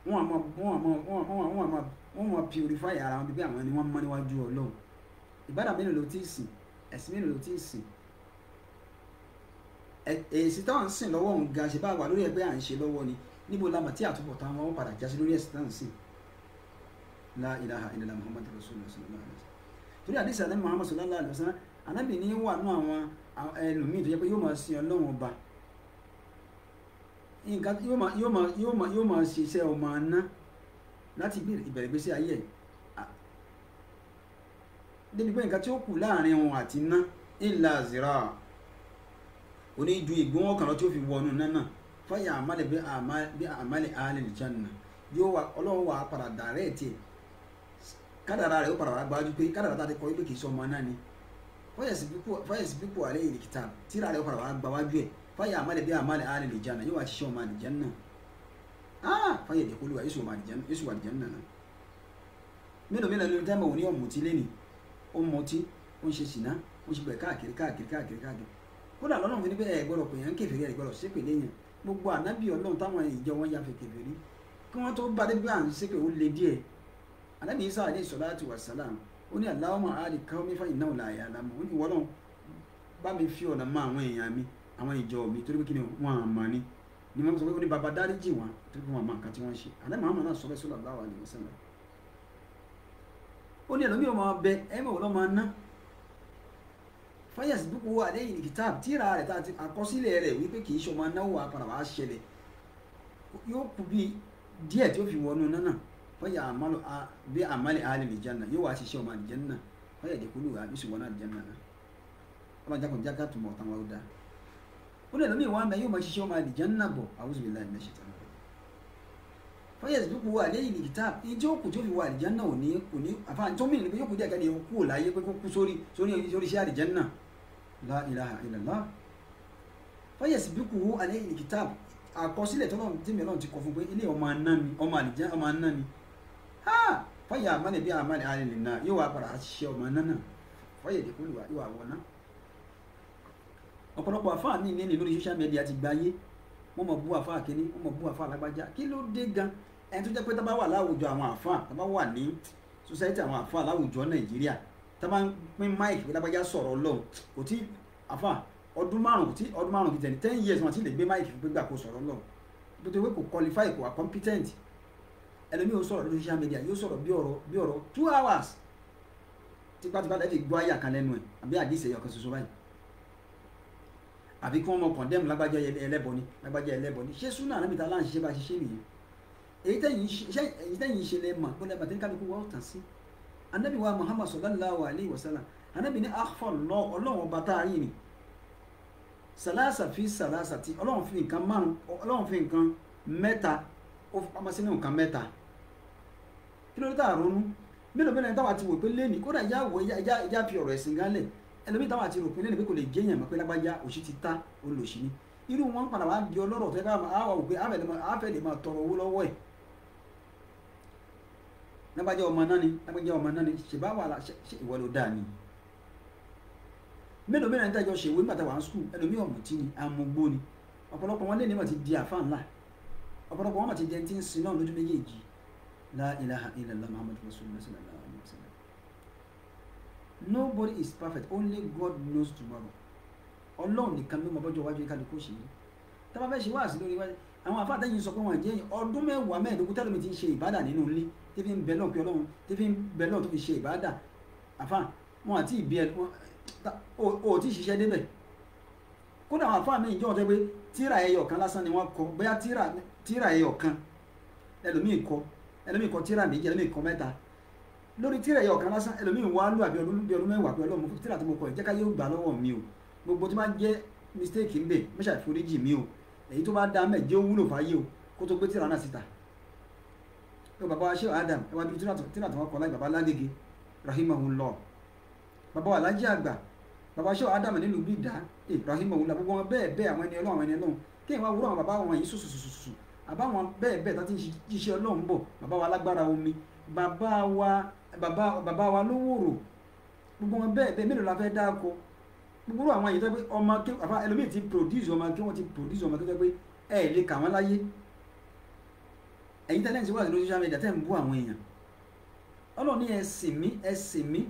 A: wọ́n àmọ́ wọ́n àmọ́ wọ́n àmọ́ wọ́n mọ̀ purify ara wọn bíbí àwọn ni wọ́n mọ́ níwájú ọlọ́run ìbádà mélòó ló ti sìn ẹ̀sìn mélòó ló ti sìn èsì táwọn ń sìn lọ́wọ́ òun ga ṣe bá wà lórí ẹgbẹ́ à ń ṣe lọ́wọ́ ni níbo la mọ̀ tí àtúbọ̀tán wọn padà já sí lórí ẹ̀sìn táwọn ń sìn la ilaha illallah Muhammad rasulullah sallallahu alaihi wasallam torí àdìsí ànábì muhammadu sallallahu alaihi wasallam ànábì ní wà nú àwọn ẹlòmíì tó yẹ pé yóò máa sin ọlọ́run ọba nǹkan yóò máa ṣiṣẹ́ ọmọ aná láti ìbẹ̀rẹ̀ gbèsè ayé ẹ̀ débi pé nǹkan tí ó kù láàrin òun àti iná ìlà zira oní ju ìgbóhùn kan lọ tí ó fi wọnú iná náà fáyà àmàlẹ̀ bí àmàlẹ̀ àlè nìjànà yóò wá ọlọ́run wà á padà dàrẹ́ẹ̀tì kádàrà rẹ̀ ó padà wá gbájú pé kádàrà tá a kọ́ wípé kì í sọ ọmọ náà ni fáyẹ̀sì bípò àlẹ́ ìlì kìtà tíra rẹ̀ ó padà wá gbáwájú ẹ̀ fáyẹ̀ àmàlẹ̀ bí àmàlẹ̀ àlẹ́ lè jana yóò wá ṣiṣẹ́ ọmọ àlìjẹ́ náà fáyẹ̀ dẹ̀ kólúwa yóò ṣe ọmọ àlìjẹ́ náà mélòó mélòó ló dáìmọ̀ òní ọ̀mùtí lẹ́nìí ó mọtí ó ń ṣe ṣìná ó ń ṣe bẹ̀rẹ̀ káàkiri káàkiri káàkiri káàkiri kódà lọ́nà fún níbẹ̀ ẹ̀gbọ́dọ̀ pè yàn kèfèrí ẹ̀gbọ́dọ̀ anabi isa alayhi salatu wa salam ó ní Allahumma àlè káwọ́mí fáyìn náà là yà lámù ó ní wọ́n lọ́n bá mi fi ọ̀nà mọ àwọn èèyàn mi àwọn ìjọ mi torí pé kí ni wọ́n á mọ̀ ni ni wọ́n sọ pé ó ní baba dáríjì wọn torí pé wọ́n mọ nǹkan tí wọ́n ṣe anabi muhammad náà sọ bẹ́ẹ̀ sọ́lá báwa ni wọ́n sẹ́lẹ̀ ó ní ẹlòmíì ọmọ ọbẹ̀ ẹ̀mọ̀ ọlọ́mọ ná fáyàsì búkú àlẹ́yìn kìtàb tíra rẹ̀ tá àkọsílẹ̀ rẹ̀ wípé kì í ṣe ọmọ náwó apàràwà ṣẹlẹ̀ yóò kú bí díẹ̀ tí ó fi wọnú náà fọyà àmàlù bí àmàlì àlè lè jẹun náà yóò wá ṣiṣẹ́ ọmọ àlìjẹun náà fọyà ìdẹ́kùlù rà yóò sì wọ́n àlìjẹun náà ọlọ́jà kò jágà tó mọ̀ ọ̀tàn wa ó dáa ó lè lómi ìwà mẹ́ yóò máa ṣiṣẹ́ ọmọ àlìjẹun náà bọ̀ àwùjọ ìlà ìmẹ̀ ṣètò náà fọyà ìsìnkú wà lẹ́yìn ìgìtà ìjọ kù tó fi wà àlìjẹun náà òní òní àfààní tó mìíràn pé yóò kù díẹ̀ kẹ́ni kú ò láyé pé kó kú sórí sórí iṣẹ́ àlìjẹun náà la ilaha illallah fọyà ìsìnkú wà lẹ́yìn ìgìtà àkọsílẹ̀ tọ́lọ́run tí ti kọ fún pé ilé ọmọ aná ni ọmọ àlìjẹun ọmọ aná ha fayya mana bi amani alilin na yóò wá padà ṣiṣẹ́ ọmọ náà náà fọyẹ ìdínkù lùwà yóò wá wọ náà ọ̀pọ̀lọpọ̀ àfáà ní ìlérí lórí social media ti gbáyé wọ́n mọ̀ bú àfáà kínní wọ́n mọ̀ bú àfáà lágbájá kí ló dé gan ẹni tó jẹ́ pé tábà wà láwùjọ àwọn àfáà tábà wà ní society àwọn àfáà láwùjọ nàìjíríà tábà ń pín mike pé lágbájá sọ̀rọ̀ ọlọ́run kò tí àfáà ọdún márùn kò tí ọdún márùn kìtẹ̀ ní ten years wọn ti lè gbé mike pé gbà kó sọ̀rọ̀ ọlọ́run nítorí kò qualify kò wà competent ẹlòmíì ó sọ̀rọ̀ lórí social media yóò sọ̀rọ̀ bí ọ̀rọ̀ bí ọ̀rọ̀ two hours tipátipá lẹ́ẹ̀fi gbọ́ àyà kan lẹ́nu ẹ̀ àbí àdìsẹ̀ ẹ̀yọ̀ kan ṣoṣo báyìí àbí kí wọ́n mọ condemn lágbájá ẹlẹ́bọ ni lágbájá ẹlẹ́bọ ni ṣé súnà àná mìta láǹṣiṣẹ́ bá ṣiṣẹ́ nìyẹn èyí tẹ̀yìn ṣe lè mọ̀ bọ́lá bàtẹ́ kálukú wọ́n tàn sí anabi wa muhammad sallallahu alayhi wa sallam anabi ní afọ lọ ọlọ́run ọba tá a rí ni salasa fi salasa ti ọlọ́run fi nǹkan márùn ọlọ́run fi nǹkan mẹ́ta ó fi pamọ́ sínú nǹkan mẹ́ta kí ló dé tá à ronú mélòó mélòó táwa ti wò pé lẹ́nì kódà ìyá àwọ̀ ìyá fi ọ̀rọ̀ ẹ̀sìn gan lẹ̀ ẹlòmíì táwa ti rò pé lẹ́nì pé kò lè jẹ́ èèyàn mọ́ pé lágbájá òṣì ti ta olùlòṣì ni irú wọn padà wá di ọlọ́rọ̀ tó yẹ ká àwọ̀ pé àfẹ́ lè máa tọrọ owó lọ́wọ́ ẹ̀ lágbájá ọmọ náà ni lágbájá ọmọ náà ni ṣèbá wàhálà ṣe ìwọ ló dáa ni mélòó mélòó nítajọ ṣèwé táwa ń skul ẹlòmíì ọ̀mùtí ni amúgbó ni ọ̀pọ̀lọpọ̀ wọn lè ní wọn ọ̀pọ̀lọpọ̀ wọn ti La ilaha illallah Muhammad Rasulullah sallallahu alaihi wasallam. Nobody is perfect, only God knows tomorrow. Ọlọ́run nìkan ló mọ bọ́jọ́ iwájú kálukú ṣe é. Tá bá fẹ́ ṣe wáàsí lórí wájú, àwọn afáàtẹ́yìn sọ pé wọ́n jẹ́ ọdún mẹ́wàá mẹ́ẹ̀ẹ́dógún tẹ́lẹ̀ mi ti ń ṣe ìbádà nínú ilé tí fi ń bẹ lọ́n pé ọlọ́run tí fi ń bẹ lọ́n tó fi ṣe ìbádà. Àfà wọn àti ìbí ẹ o ò tí ì ṣiṣẹ́ débẹ̀. Kódà àwọn afáàmì ìjọ́ ọ̀tẹ́ pé tíra ẹyọ kan lásán ni wọ́n kọ bóyá tíra ẹyọ kan ẹlòmíì kọ ẹlòmíì kọ tíra méjì ẹlòmíì kọ mẹ́ta lórí tíra ẹ̀yọ̀ kan lásán ẹlòmíì wà lù àbí ọdún bí ọdún mẹ́wàá pé ọlọ́run tíra tí mo kọ ìjẹ́ká yóò gbà lọ́wọ́ mi o gbogbo tí máa ń jẹ́ mistake ń bẹ mẹ́ṣà ìforíjì mi o èyí tó bá dá mẹ́ jẹ́ wúlò fáyé o kó tó gbé tíra náà síta ẹ bàbá wa ṣé Adam ẹ wá bí tíra tí wọ́n kọ láì bàbá Ládégé rahimahullah bàbá wa Lájí àgbà bàbá ṣé Adam nílùú bí dá eh, rahimahullah gbogbo wọn bẹ́ẹ̀ bẹ́ẹ̀ àwọn ẹni ọlọ́run àwọn ẹni ọlọ́run kéèyàn wá wúrọ̀ àwọn bàbá wọn yìí àbáwọn bẹ́ẹ̀ bẹ́ẹ̀ tá ti ṣiṣẹ́ ọlọ́run bọ̀ bàbá wa lágbára omi bàbá wa bàbá bàbá wa lówòrò gbogbo wọn bẹ́ẹ̀ bẹ́ẹ̀ mélòó la fẹ́ dá ko gbogbo àwọn àyè tó pé ọmọ kí àfa ẹlòmíì ti produce ọmọ kí wọ́n ti produce ọmọ kí wọ́n pé ẹ lè kà wọ́n láyé ẹ̀yin tẹ́lẹ̀ ń ṣe wà lórí social media tẹ́ ń bú àwọn èèyàn ọlọ́run ní ẹ sìn mí ẹ sìn mí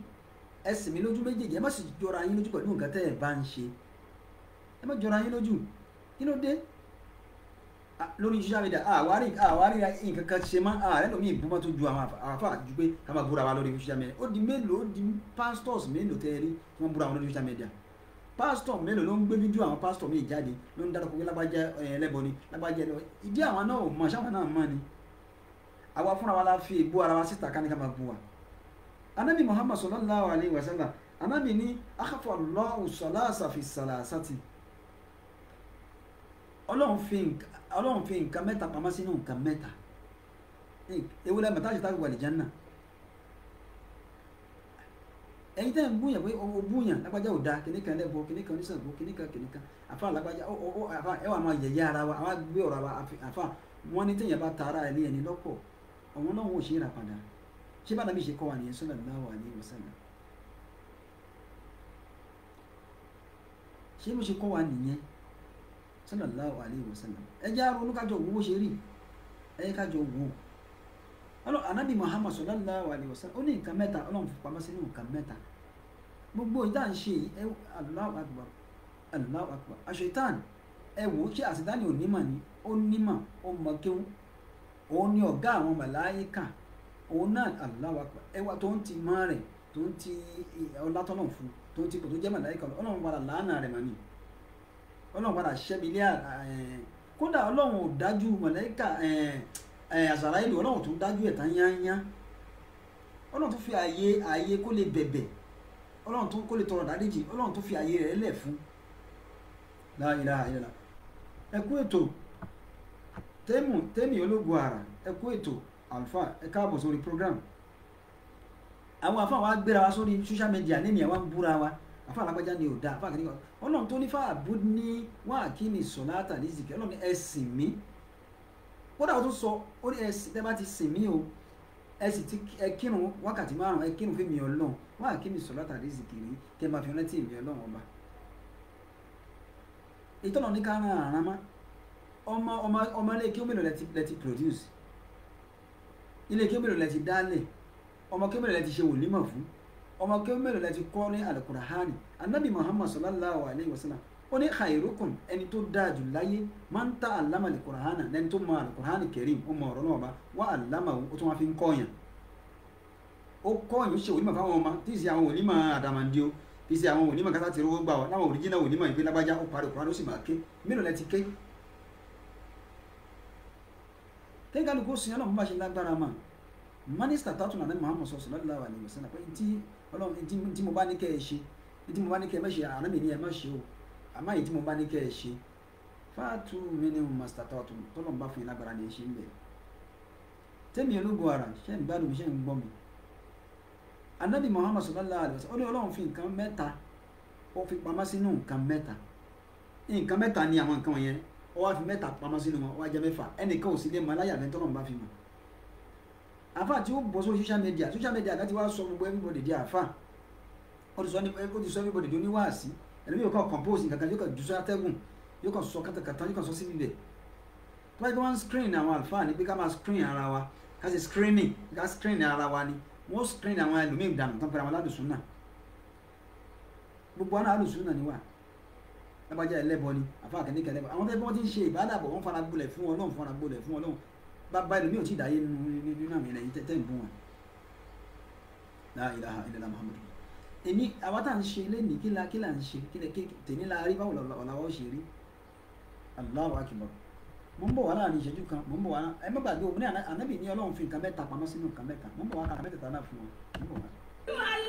A: ẹ sìn mí lójú méjèèjì ẹ má sì jọra yín lójú pẹ̀lú nǹkan tẹ́ ẹ bá ń ṣe ẹ má jọra yín lójú kí ló dé Ah, lórí social media àwárí ah, ah, àwárí nǹkan kan ṣe mọ́ ààrẹ lómi ìbúmọ́ tó ju àwọn àfa ju pé ká máa búra wa lórí social media ó di mélòó ó di pastors mélòó tẹ́ ẹ rí wọ́n búra wọn lórí social media pásítọ̀ mélòó ló ń gbé fídíò àwọn pásítọ̀ míì jáde ló ń dárúkọ pé lágbájá ẹlẹ́bọ ni lágbájá ẹlẹ́bọ ìdí àwọn náà ò mọ sáwọn náà mọ ni àwa fúnra wa la fi èbú ara wa síta káníkà máa bu wa. anábì muhammad sallallahu alayhi wa sallam anábì ní akafallahu salasa fi salasati ọlọ́run fi ọlọ́run fi nǹkan mẹ́ta pamọ́ sínú nǹkan mẹ́ta ewu lẹ́mọ̀ tá a ṣe tá a wà lè jẹ́ náà ẹ̀yin tẹ́ ń búyàn pé ọmọ búyàn lágbájá ò da kìnnì kan lẹ́bọ̀ kìnnì kan oníṣègùn kìnnì kan kìnnì kan àfa lágbájá ọ ọ àfa ẹ wà máa yẹ̀yẹ́ ara wa àwa gbé ọ̀rọ̀ wa àfa wọn ní téèyàn bá ta ara ẹni ẹni lọ́pọ̀ ọmọ náà wọn ò ṣe é ra padà ṣé bá dàbí ṣe kọ́ wa nìyẹn sọ́nà láwọ̀ àní ìwọ̀sánà ṣé bó ṣe kọ́ wa nìyẹn sallallahu alayhi wa sallam ẹ jẹ́ àrùn oníkájọ wo ṣe rí ẹ yẹ kájọ wo ọlọ́run anabi muhammad sallallahu alayhi wa sallam ó ní nǹkan mẹ́ta ọlọ́run fi pamọ́ sínú nǹkan mẹ́ta gbogbo ìdá ń ṣe ẹ allahu akbar allahu akbar aṣetán ẹ wò ó ṣe àṣetánì onímọ̀ ni ó nímọ̀ ó mọ kéwú òun ni ọ̀gá àwọn màláyíkà òun náà allahu akbar ẹ wá tó ń ti mọ́ rẹ̀ tó ń ti ọlátọ́nà fún tó ń ti kò tó jẹ́ màláyíkà ọlọ́run wà lánàá rẹ̀ mọ́ ni ọlọ́run padà ṣẹ́bi ilé kódà ọlọ́run ò dájú mọ̀lẹ́kà àṣàrà ìlú ọlọ́run tó dájú ẹ̀ tán yányá ọlọ́run tó fi ààyè ààyè kó lè bẹ̀bẹ̀ ọlọ́run tó kó lè tọrọ dáríjì ọlọ́run tó fi ààyè rẹ̀ lẹ̀ fún láyìlá àyẹ̀lá ẹ kú ètò tẹ́mù tẹ́mì ológun àrà ẹ kú ètò àlùfáà ẹ káàbọ̀ sórí program àwọn àfáà wa gbéra wa sórí social media ní ìyẹn wa wa àfa alágbájá ni ò dáa àfa kìnìkan ọlọ́run tó ní fàábù ní wáàkí ni sọ̀láàtà ní zìkẹ́ ọlọ́run ẹ sìn mí kódà ó tún sọ ó ní ẹ sìn tẹ́ bá ti sìn mí o ẹ sì ti ẹ kírun wákàtí márùn ẹ fún mi ọlọ́run wáàkí ni sọ̀láàtà ní zìkẹ́ rí tẹ́ máa fi rántí mi ọlọ́run ọba ìtọ́nà ní ká ràn án má ọmọ ọmọ ọmọ ilé kí mélòó lẹ ti produce ilé kí ó mélòó lẹ ti dálẹ̀ ọmọ kí ó mélòó lẹ ti ṣe wòlímọ̀ fún ọmọ kí mélòó lẹ́ti kọ́ ní alukurahani anabi muhammad sallallahu alayhi wa sallam ó ní khairukum ẹni tó dáa jù láyé máa ń ta alama alukurahana lẹni tó mọ alukurahani karim ó mọ ọ̀rọ̀ náà bá wá alama ó tún wá fi ń kọ́yàn ó kọ́yàn ó ṣe onímọ̀ fáwọn ọmọ tí ì ṣe àwọn onímọ̀ àdàmàndíó tí ì ṣe àwọn onímọ̀ kátà ti rówó gbà wá láwọn òrìjínà onímọ̀ ìpín lágbájá ó parí kurahani ó sì máa ké mélòó ọlọ́run ní tí mo bá ní kẹ́ ẹ ṣe ní tí mo bá ní kẹ́ ẹ má ṣe àná mi ní ẹ má ṣe o àmọ́ èyí tí mo bá ní kẹ́ ẹ ṣe fáàtú mi ní mo màsítà tọ́tù tọ́lọ́run bá fún yín lágbára ní ẹṣin bẹ̀. tẹ́mi ológun ara ṣe ń gbádùn mi ṣe ń gbọ́ mi. anabi muhammad sallallahu alayhi wa sallam ó ní ọlọ́run fi nǹkan mẹ́ta ó fi pamọ́ sínú nǹkan mẹ́ta nǹkan mẹ́ta ni àwọn nǹkan yẹn ó wá fi mẹ́ta pamọ́ sínú wọn ó wá jẹ́ mẹ́fà ẹnìkan ò sí lè mọ aláyàbẹ̀ tọ́lọ́run bá fi mọ̀ àfa tí ó bọ́ sórí social media social media láti wá sọ gbogbo everybody di àfa ó ti sọ everybody di oníwàásí ẹlẹ́mi yóò kàn compose nǹkan kan yóò kàn jù sọ atẹ́gùn yóò kàn sọ kátàkátà yóò kàn sọ síbi bẹ̀ tó bá yẹ kí wọ́n screen àwọn àlùfáà ni pé ká máa screen ara wa ká ṣe screening ká screen ara wa ni wọ́n screen àwọn ẹlòmíì dànù tán pẹ̀lú àwọn aládùsùn náà gbogbo àwọn aládùsùn náà ni wà lábàjá ẹlẹ́bọ ni àfáà kẹ́ndékẹ́ ẹlẹ́bọ àwọn tẹ́lẹ̀ bí wọ́n ti ń ṣe ìbádàbọ̀ wọ́n fara gbolẹ̀ fún Ọlọ́run fara gbolẹ̀ fún Ọlọ́run bàbá ẹlòmíì ò tí ì dáyé nínú àmì ẹ̀yìn tẹ́tẹ́ ń bú wọn la ilaha illallah muhammadu la kí la ń ṣe kí la kí tèmi la rí báwo làwa ó ṣe rí Allahu akbar mo ń bọ̀ wá láàrin ìṣẹ́jú kan mo ń bọ̀ wá ẹ má gbàgbé òun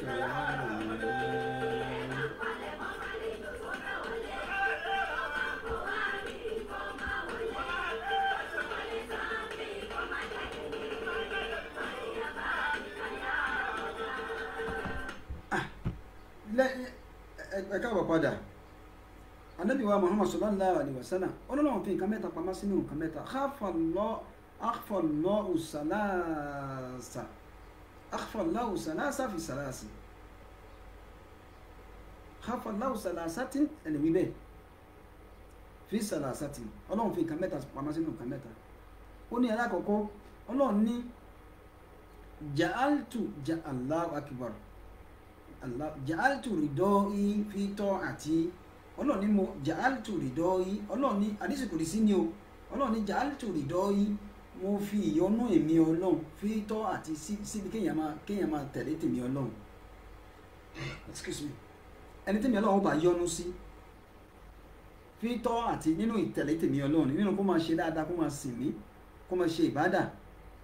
A: Ah, ẹ káàbọ̀ padà anabiwa muhammad sallallahu alayhi wa sallam ọlọ́run fi nǹkan mẹ́ta pamọ́ sínú nǹkan mẹ́ta hafalọ́ hafalọ́ ọ̀sálàṣà hafalahu salasa fi salasi hafalahu salasati ẹni wí bẹ́ẹ̀ fi salasati ọlọ́run fi nǹkan mẹ́ta pamọ́ sínú nǹkan mẹ́ta ó ní alákọ̀ọ́kọ́ ọlọ́run ní ja'altu ja Allahu akbar ja'altu ridọ́ọ̀ì fi tọ́ àti ọlọ́run ní mo ja'altu ridọ́ọ̀ì ọlọ́run ní àdísìkò rí sí ni o ọlọ́run ní ja'altu ridọ́ọ̀ì mo fi ìyọ́nú èmi ọlọ́run fi tọ́ àti síbi kéèyàn máa kéèyàn máa tẹ̀lé tèmi ọlọ́run excuse me ẹni tèmi ọlọ́run ó bá yọ́nú sí fi tọ́ àti nínú ìtẹ̀lé tèmi ọlọ́run nínú kó máa ṣe dáadáa kó máa sìn mí kó máa ṣe ìbádà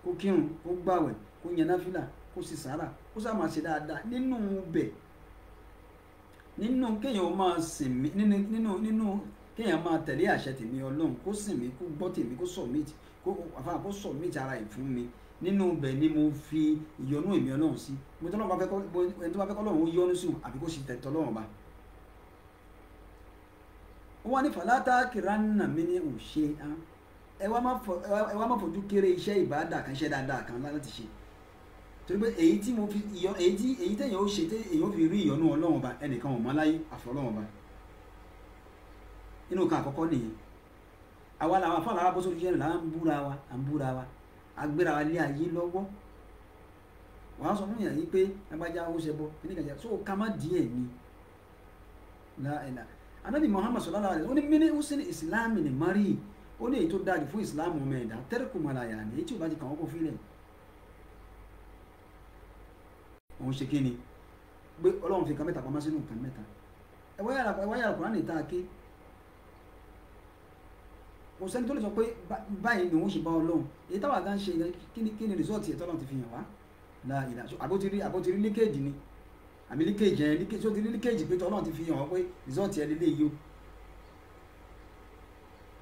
A: kó kírun kó gbàwẹ̀ kó yan náfìlà kó sì sàárà kó sá máa ṣe dáadáa nínú bẹ̀ nínú kéèyàn máa sìn mí nínú nínú kéèyàn máa tẹ̀lé àṣẹ tèmi ọlọ́run kó sìn mí kó gbọ́ tèmi kó submit kó àfa kó submit ara ẹ̀ fún mi nínú ibẹ̀ ni mo fi ìyọnú èmi ọlọ́run sí mo tọ́lọ́ ẹni tó bá fẹ́ kọ́ lọ́run ó yọnu sí òun àbí kó sì tẹ̀tọ́ lọ́run bá. ó wá ní fàlátà kìránà mi ní òun ṣe ẹ wá má fojú kéré iṣẹ́ ìbáàdà kan iṣẹ́ dáadáa kan láti ṣe torí pé èyí tí mo fi èyí tí èyí tẹ̀yìn ó ṣe tẹ̀yìn ó fi rí ìyọnú ọlọ́run bá ẹnìkan ò mọ́ láyé àfọlọ́run bá inú nǹkan àkọ́kọ́ nìyẹn àwa làwọn afọ́ làwọn abọ́sọ́rọ̀ jẹ́ làwọn búra wa à ń búra wa àgbéra wa lé ayé lọ́wọ́ wàá sọ fún yàrá yìí pé agbájá ó ṣe bọ oníkàjà so ká má díẹ̀ ni láìla anabi muhammad sallallahu alayhi wa sallam ó ní mini hussein islam ni mari ó ní èyí tó dáa jù fún islam ọmọ ẹ̀dá tẹ́rẹ̀kù malaya ni èyí tí ò bá ti kàn wọ́n kó fílẹ̀ òun ṣe kí ni pé ọlọ́run fi kan mẹ́ta pamọ́ sínú kan mẹ́ta ẹ̀wọ́ yàrá tá a ké kò sẹ́ni tó lè sọ pé báyìí lòun ṣe bá ọlọ́run èyí táwa gan ṣe kí ni result yẹn tọ́lọ́run ti fi hàn wá láàyè àbótirí àbótirí líkéèjì ni àbí líkéèjì yẹn líkéèjì tó ti rí líkéèjì pé tọ́lọ́run ti fi hàn wá pé result yẹn lélẹ́ yìí o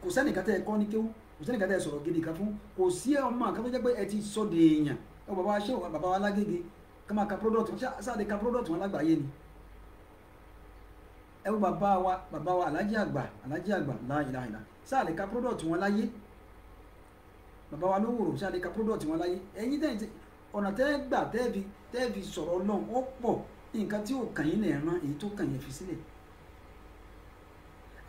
A: kò sẹ́ni kàtẹ́ ẹ̀ ní kéwú kò sẹ́ni kàtẹ́ ẹ̀ sọ̀rọ̀ gidi kan fún kò sí ọmọ àkàn tó jẹ́ pé ẹ ti sọ de ẹ wa ṣé ò wa lágége ká máa ka product wọn sáà lè ka product wọn lágbàáyé ni ẹ bàbá wa bàbá wa alájí àgbà alájí àgbà sáà lè ka product wọn láyé bàbá wa ló wòrò sáà lè ka product wọn láyé ẹ̀yin tẹ̀ ẹ̀ ọ̀nà tẹ́ gbà tẹ́ẹ̀fi tẹ́ẹ̀fi sọ̀rọ̀ Ọlọ́run ó pọ̀ nǹkan tí ò kàn yín lè rán èyí tó kàn yín fi sílẹ̀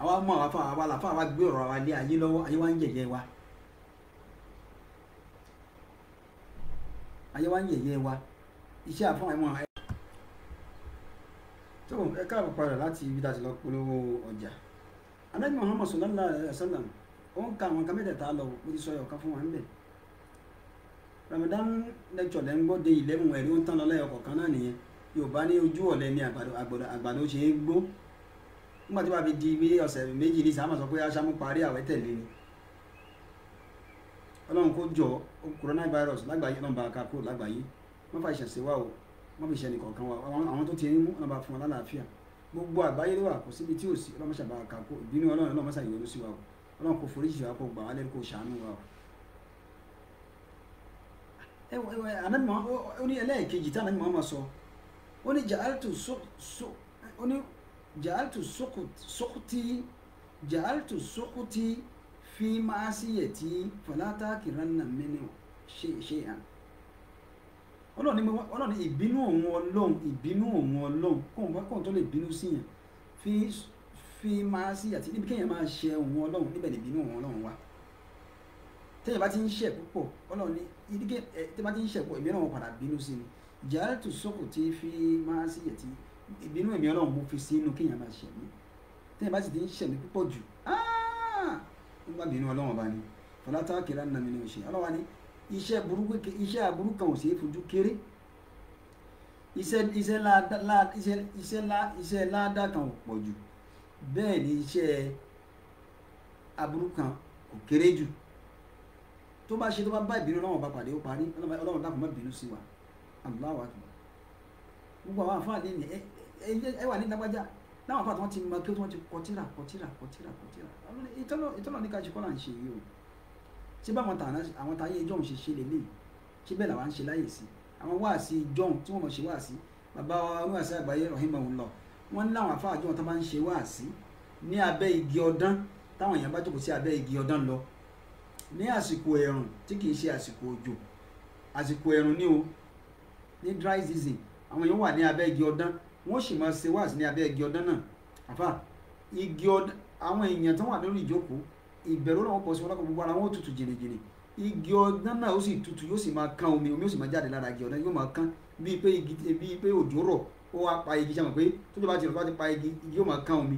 A: àwa mọ àwa fa àwa làfa àwa gbé ọ̀rọ̀ àwa lé ayé lọ́wọ́ ayé wa ń yẹ̀yẹ́ wa ayé wa ń yẹ̀yẹ́ wa iṣẹ́ àfọ̀n ẹ̀mọ́ ẹ̀ tó ẹ káàbọ̀ padà láti ibi tá a ti lọ polówó ọjà anabi muhammad sallallahu alayhi wa sallam ó ń ka àwọn nǹkan mẹ́tẹ̀ẹ̀ta lọ mo ti sọ ẹ̀yọ̀ kan fún wa níbẹ̀ ramadan lecture lẹ́ ń gbọ́ de eleven ẹ̀rí ó ń tán lọ lẹ́yọkọ̀ kan náà nìyẹn yorùbá ní ojú ọ̀lẹ́ ni àgbàdo ṣe é gbó nígbà tí wàá fi di bí ọ̀sẹ̀ méjì ní sàmà sọ pé aṣáájú parí àwẹ̀ tẹ̀lé ni ọlọ́run kó jọ coronavirus lágbàáyé ọlọ́run bá a ká kúrò lágbàáyé wọ́n fà ìṣẹ̀ṣẹ̀ wà o wọ́n fi ṣẹ̀ nìkan kan wà àwọn tó ti ń mú ọlọ́run bá fún wọn lálàáfíà gbogbo àgbáyé ló wà kò síbi tí ò sí ọlọ́mọṣà bá kà kó ìbínú ọlọ́run ọlọ́mọṣà ìyọnu sí wa o ọlọ́run kò foríjì wa kó gbà wá lẹ́nu kó ṣàánú wa o. ẹwọ ẹwọ anamọ ó ní ẹlẹ́ẹ̀kejì tí anamọ ọmọ sọ ó ní jàáltù ó sókùtì jàáltù sókùtì fi máa síyẹ̀ tí fọlátà kìrànnà mẹ́nu ṣe ṣe hàn ọlọ́run ní ìbínú òun ọlọ́run ìbínú òun ọlọ́run kóun bá kóun tó lè bínú síyàn fi fi máa sí àti níbi kéèyàn máa ṣe òun ọlọ́run níbẹ̀ lè bínú òun ọlọ́run wá téèyàn bá ti ń ṣẹ̀ púpọ̀ ọlọ́run ní ìdíkẹ́ ẹ téèyàn bá ti ń ṣẹ̀ púpọ̀ èmi náà wọ́n padà bínú sí ni jàrẹ́tù sọ́kù tí fi máa sí àti ìbínú èmi ọlọ́run mo fi sínú kéèyàn máa ṣẹ̀ mí téèyàn bá sì ti ń ṣẹ̀ mí púpọ̀ jù áá ń bá bínú ọlọ́run ọba ni fọlá tá a kéré ànàmì ni mo ṣe iṣẹ́ burúkú iṣẹ́ aburú kan ò sí fojú kéré iṣẹ́ iṣẹ́ láadá iṣẹ́ iṣẹ́ lá iṣẹ́ láadá kan ò pọ̀ jù bẹ́ẹ̀ ni iṣẹ́ aburú kan kò kéré jù tó bá ṣe tó bá bá ìbínú ọlọ́wọ́n bá pàdé ó parí ọlọ́wọ́n dàpọ̀ mọ́ ìbínú sí wa Allahu akbar gbogbo àwọn àfáàní ni ẹ wà ní lágbájá láwọn àfáà tí wọ́n ti mọ kí wọ́n ti kọtíra kọtíra kọtíra kọtíra ìtọ́nà ní ká ṣe kọ́ là ń ṣe yìí o ṣé báwọn tàná àwọn táyé john ṣe ṣe lélẹ̀ ṣé bẹ́ẹ̀ làwọn ń ṣe láyè sí àwọn wáàsí john tí wọ́n mọ̀ ṣe wáàsí bàbá oníwàsí àgbáyé rahimahullah wọ́n ní láwọn àfáà john tó máa ń ṣe wáàsí ní abẹ́ igi ọdán táwọn èèyàn bá jókòó sí abẹ́ igi ọdán lọ ní àsìkò ẹ̀rùn tí kì í ṣe àsìkò òjò àsìkò ẹ̀rùn ni o ní dry season àwọn èèyàn wà ní abẹ́ igi ọdán wọ́n sì máa ṣe wáàsí ní abẹ́ igi ọdán náà àfáà igi ọdán àwọn èèyàn tó wà lórí ìjókòó ìbẹ̀rù náà wọ́n pọ̀ sí wọn lákòókò gbogbo ara wọn ó tutù jìnnìjìnnì igi ọdán náà ó sì tutù yóò sì máa kán omi omi ó sì máa jáde lára igi ọdán yóò máa kán bíi pé igi bíi pé òjò rọ̀ ó wá pa igi sàmọ̀ pé tó jọba ti rọ̀ tó bá ti pa igi igi yóò máa kán omi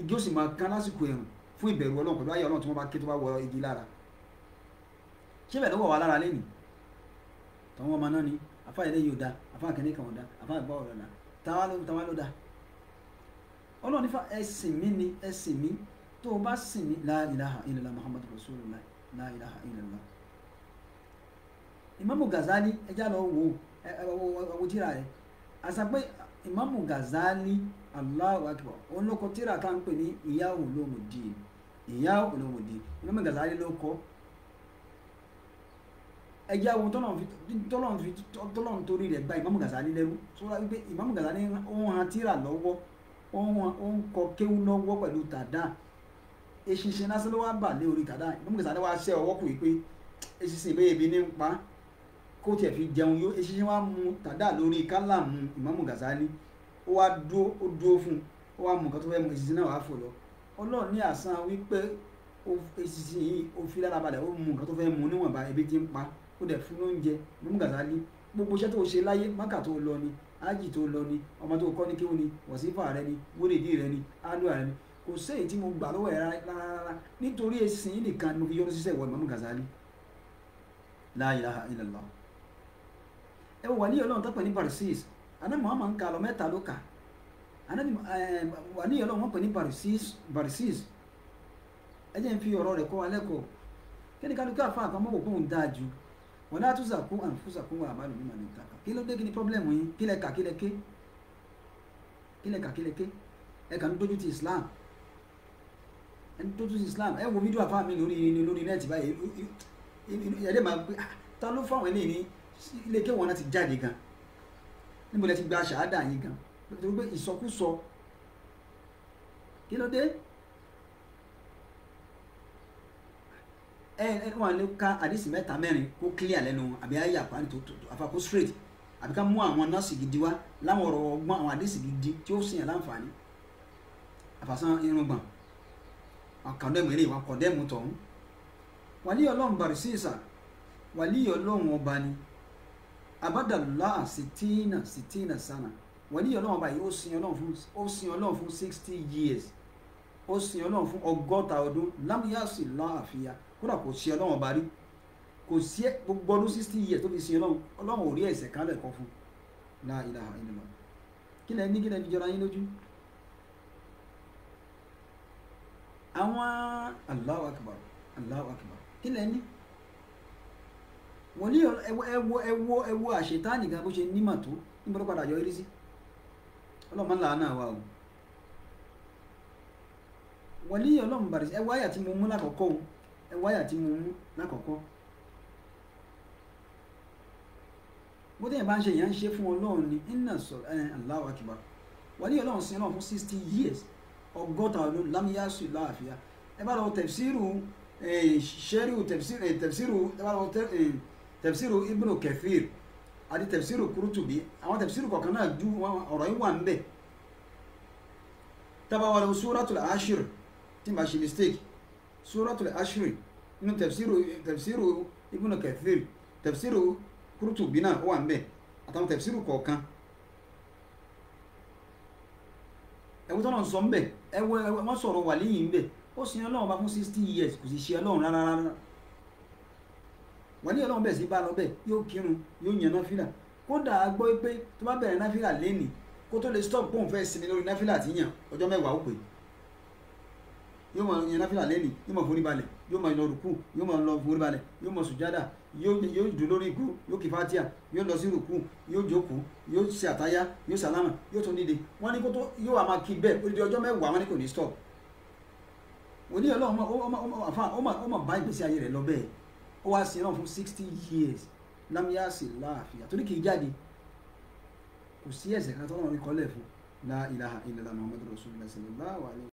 A: igi ó sì máa kán lásìkò ẹ̀rùn fún ìbẹ̀rù ọlọ́run pẹ̀lú ayé ọlọ́run tí wọ́n bá ké tó bá wọ igi lára ṣé bẹ̀rẹ̀ wọ̀ wá lára lẹ́nu tọ́wọ́n ọmọ náà ni afa yóò da afa kẹ́ni kan ò da afa da tàwa ló da ọlọ́run nífa ẹ̀sìn mi tó o bá sìn mí la ilaha muhammadu rasulullah la ilaha imamu Ghazali ẹja lọ wò ó tírà rẹ̀ imamu Ghazali Allahu akbar òun ló kọ pè ní imamu Ghazali ló kọ ẹjẹ awo tọ́lọ́n fi tọ́lọ́n torí rẹ̀ gba lẹ́rú wípé ń eṣinṣin lásán ló wá bà lé orí dàda Imam Ghazali wá ṣe ọwọ́ kù yìí pé eṣinṣin ìbéyè bi ní pa kó tiẹ̀ fi jẹun yó eṣinṣin wá mu dàda lórí kálàmù Imam Ghazali ó wá dúró ó dúró fún un ó wá mú nǹkan tó fẹ́ mu eṣinṣin náà wá fò lọ ọlọ́run ní àsán wípé eṣinṣin yìí ó fi lára balẹ̀ ó mu nǹkan tó fẹ́ mu níwọ̀nba ebi ti ń pa ó dẹ̀ fún lóúnjẹ Imam Ghazali gbogbo iṣẹ́ tó ṣe láyé mákà tó lọ ni ájì tó lọ ni ọmọ tó kọ́ ní kí wọ́n ni wọ̀sífà rẹ ni wúrèdí rẹ ni ádùá rẹ ni kò séyìí tí mo gbà lọ́wọ́ ẹ̀ rárá nítorí ẹ̀sìn nìkan mo fi yọ́nú sísẹ́ ìwọ Imam Ghazali la ilaha illallah ẹ wà ní ọlọ́run tó pè ní Barsis anáàmù àmà ń ka lọ mẹ́ta ló kà anáàmù wà ní ọlọ́run wọn pè ní Barsis ẹ jẹ́ ń fi ọ̀rọ̀ rẹ̀ kọ́ wa lẹ́kọ̀ọ́ kí ni kálukú àfa àpamọ́ òkú ń dáa ju wọn náà tún zàkú àǹfùsàkú wà àbálò mímọ ní ìtàkà kí ló dé kí ni pọ́blẹ́mù yín kí lẹ kà kí lẹ ké kí lẹ kà kí lẹ ké ẹ kà ń dójú ti Islam ẹni tó tún islam ẹ wo fídíò àfa mi lórí lórí nẹ́ẹ̀tì báyìí ẹ̀dẹ̀ máa gbé ah, ta ló fáwọn eléyìí ní ilé kéwọn náà ti jáde gan níbo lẹ ti gba ṣàádà yín gan nítorí pé ìsọkúsọ kí ló dé ẹ ẹ wọn lè ka àdìsí mẹ́ta mẹ́rin kó clear lẹ́nu àbí ayé àpárí tó tó àfa kó straight àbí ká mú àwọn nọ́ọ̀sì gidi wá láwọn ọ̀rọ̀ ọgbọ́n àwọn àdìsí gidi tí ó sìn yàn láǹfààní àfàsán irùngbọ̀n wọn kọ̀ndẹ́mù eré wọn kọ̀ndẹ́mù tọ̀hún wàlí ọlọ́run barisisa wàlí ọlọ́run ọba ni abadàlá sitina sitina sana wàlí ọlọ́run ọba yìí ó sin ọlọ́run fún ó sin ọlọ́run fún sixty years ó sin ọlọ́run fún ọgọ́ta ọdún lámúyàsí láàfíà kódà kò sí ọlọ́run ọba rí kò sí gbogbo ọdún sixty years tó fi sin ọlọ́run ọlọ́run ò rí ẹ̀ṣẹ̀ kan lẹ́kọ̀ọ́ fún la ilaha illallah kí lẹ́ni kí lẹ́ni jọra yín lójú. àwọn Allahu Akbar Allahu Akbar kí lẹ wòlíì ẹwọ ẹwọ ẹwọ àṣetánì gan bó ṣe nímọ̀ tó padà ọlọ́mọ ńlá náà wà o wòlíì ọlọ́mọ bàrẹ̀ ẹwọ àyà tí mo mú lákọ̀ọ́kọ́ o ẹwọ àyà tí mo mú lákọ̀ọ́kọ́ bó ń ṣe ń ṣe fún ọlọ́run ní iná sọ ẹ̀ wòlíì ọlọ́run sin ọlọ́run fún years ọgọ́ta ọdún lámìyásù láàfíà ẹ bá lọ tẹ̀síìrù ṣẹ́ríù tẹ̀síìrù ẹ bá lọ tẹ̀síìrù ibnu kẹfìr àti tẹ̀síìrù kúrútùbí àwọn tẹ̀síìrù kọ̀ọ̀kan náà ju ọ̀rọ̀ yìí wà ń bẹ̀ tábàwá lọ súratul ashir tí màá ṣe mistake súratul ashir nínú tẹ̀síìrù tẹ̀síìrù ibnu kẹfìr tẹ̀síìrù kúrútùbí náà wà ń bẹ̀ àtàwọn tẹ̀síìrù kọ̀ọ̀kan ẹ̀wọ́n tọ́lọ̀ ń sọ ńbẹ̀ ẹ̀wọ́ wọ́n sọ̀rọ̀ wà lẹ́yìn ńbẹ̀ ó sin ọlọ́run bá fún sixty years kò sì ṣe ọlọ́run rárá rárá wà ní ọlọ́run bẹ̀ sí bá lọ bẹ̀ yóò kírun yóò yan náfìlà kódà á gbọ́ pé tó bá bẹ̀rẹ̀ náfìlà lẹ́nìí kó tó lè stop pòun fẹ́ sinmi lórí náfìlà àti yàn ọjọ́ mẹ́wàá ó pè yóò mọ yan náfìlà lẹ́nìí yóò mọ forí balẹ̀ yóò mọ lọ yóò mọ lọ forí yóò mọ sùjádà yóò dúró lórí ikú yóò kí fatia yóò lọ sí rúkú yóò jókòó yóò ṣe àtáyá yóò sàlámà yóò tún dìde wọ́n ní kó tó yóò wà máa kí bẹ́ẹ̀ ó di ọjọ́ mẹ́wàá wọ́n ní kò ní stop òní ọlọ́run ó mà bá ìgbésí ayé rẹ̀ lọ bẹ́ẹ̀ ó wá sí náà fún sixty years lámíyàsí láàfin àtúndì kì í jáde kò sí ẹ̀ṣẹ̀ kan tó lọ́run kọ́lẹ̀ fún la ilaha illallah muhammadu rasulillah sallallahu alayhi wa sallam.